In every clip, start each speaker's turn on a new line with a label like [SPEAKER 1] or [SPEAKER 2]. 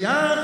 [SPEAKER 1] yaa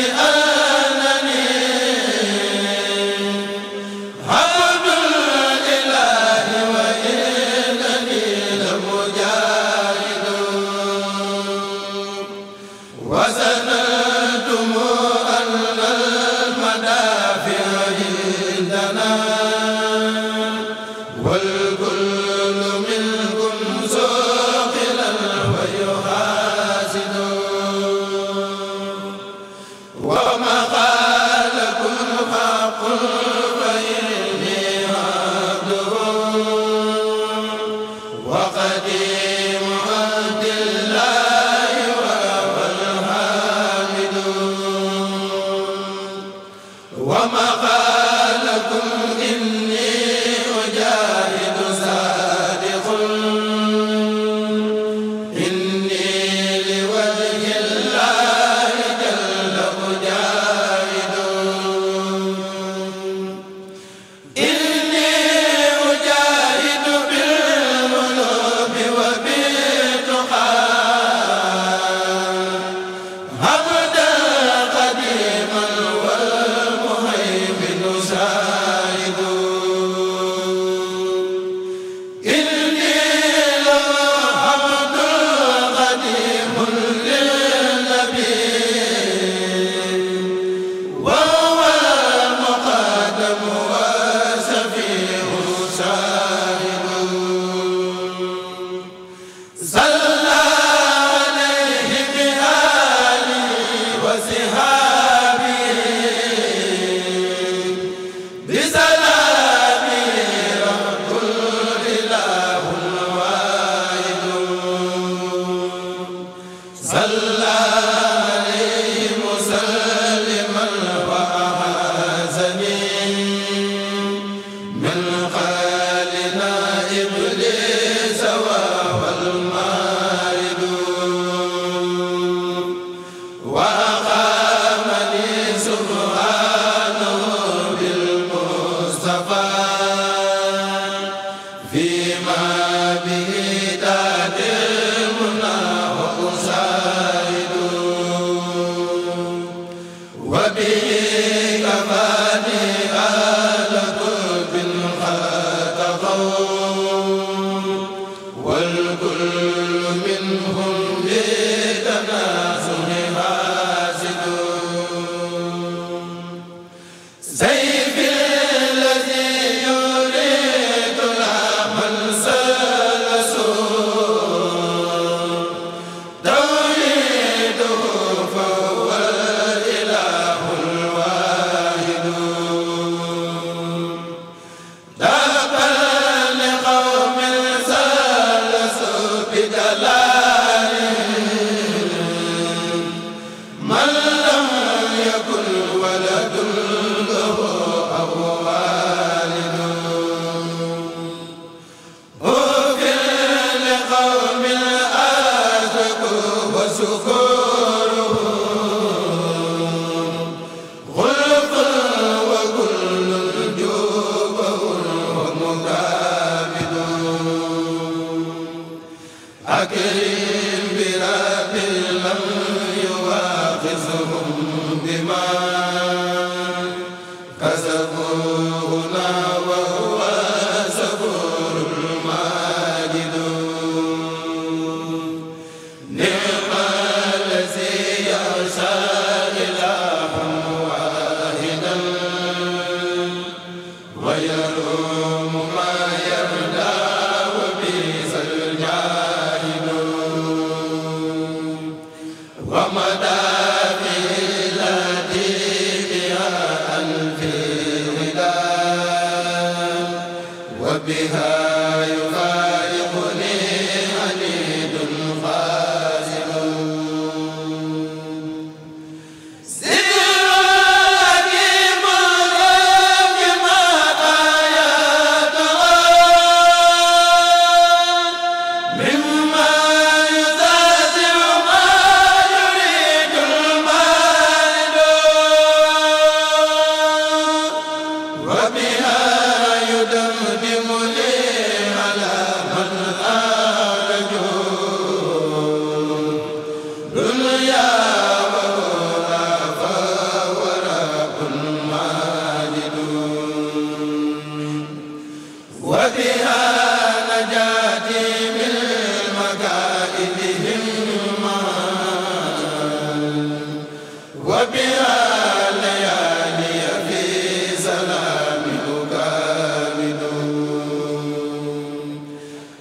[SPEAKER 1] a salla su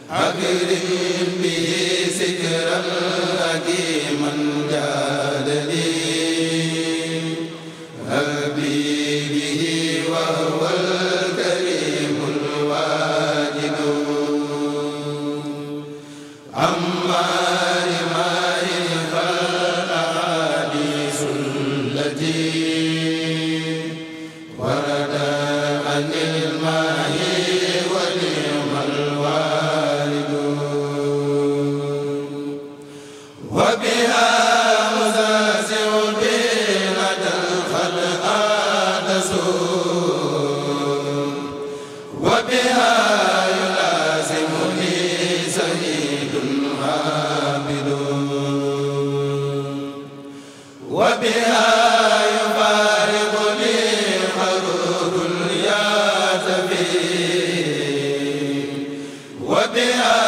[SPEAKER 1] أكرم به ذكرا wa biha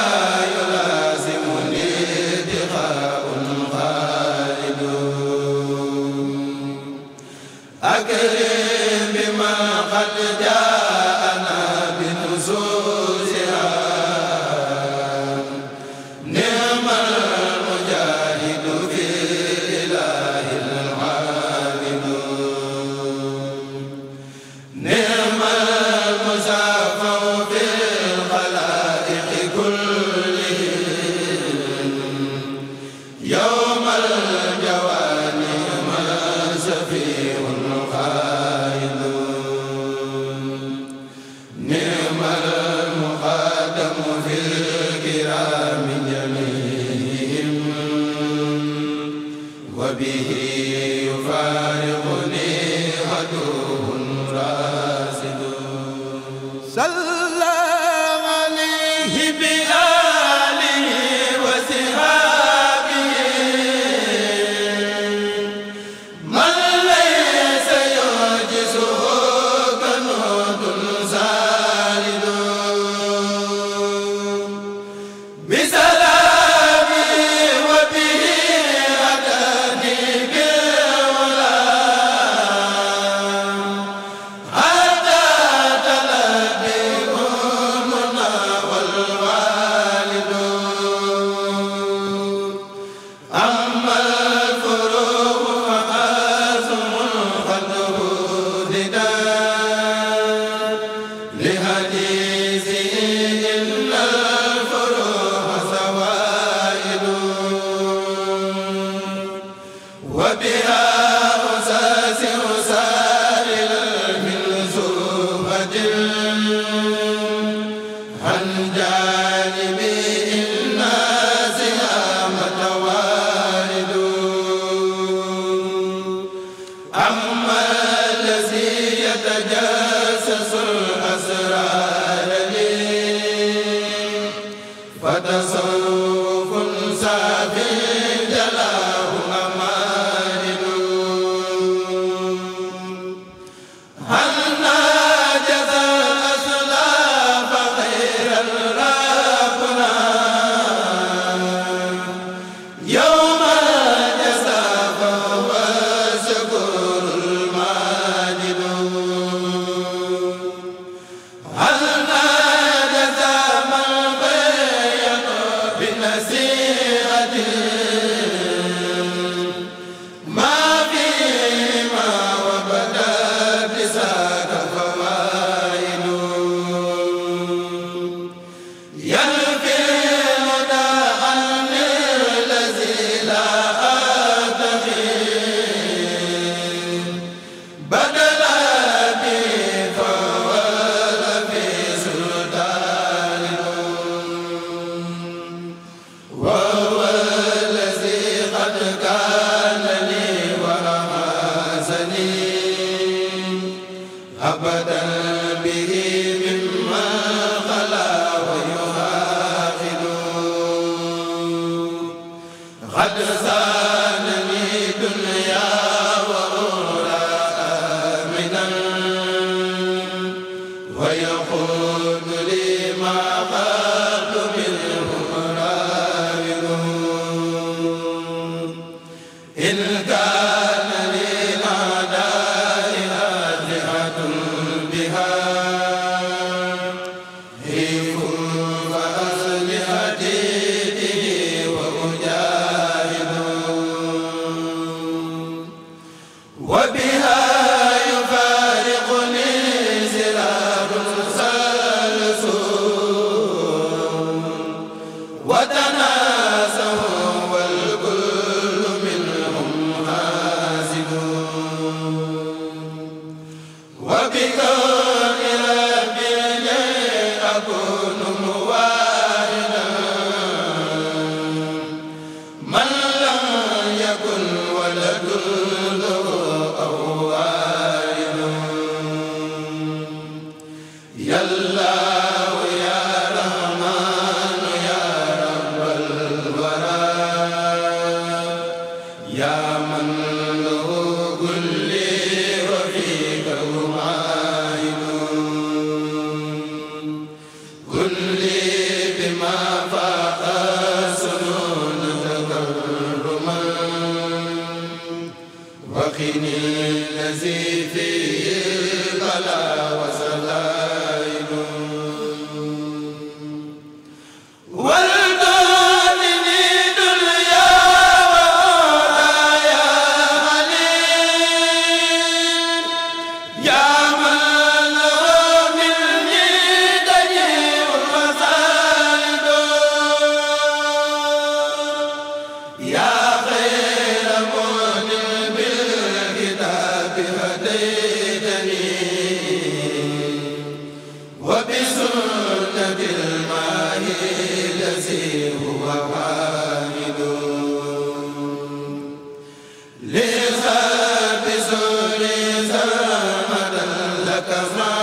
[SPEAKER 1] به ka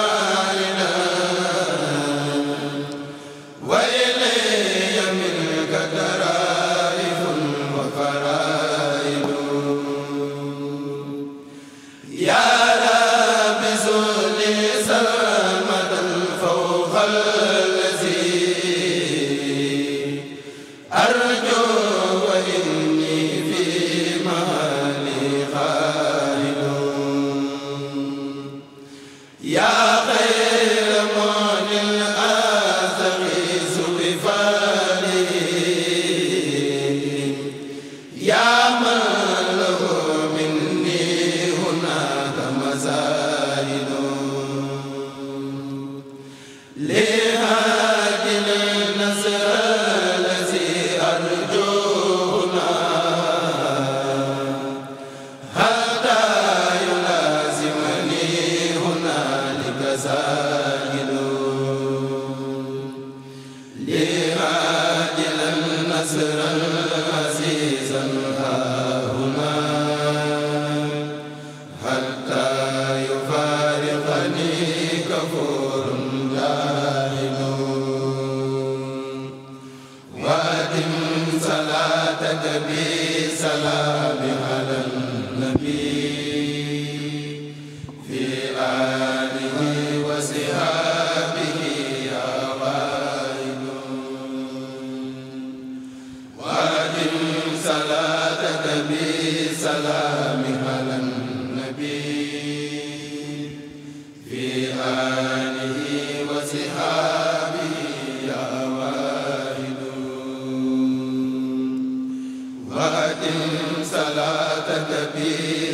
[SPEAKER 1] bi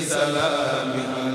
[SPEAKER 1] salaami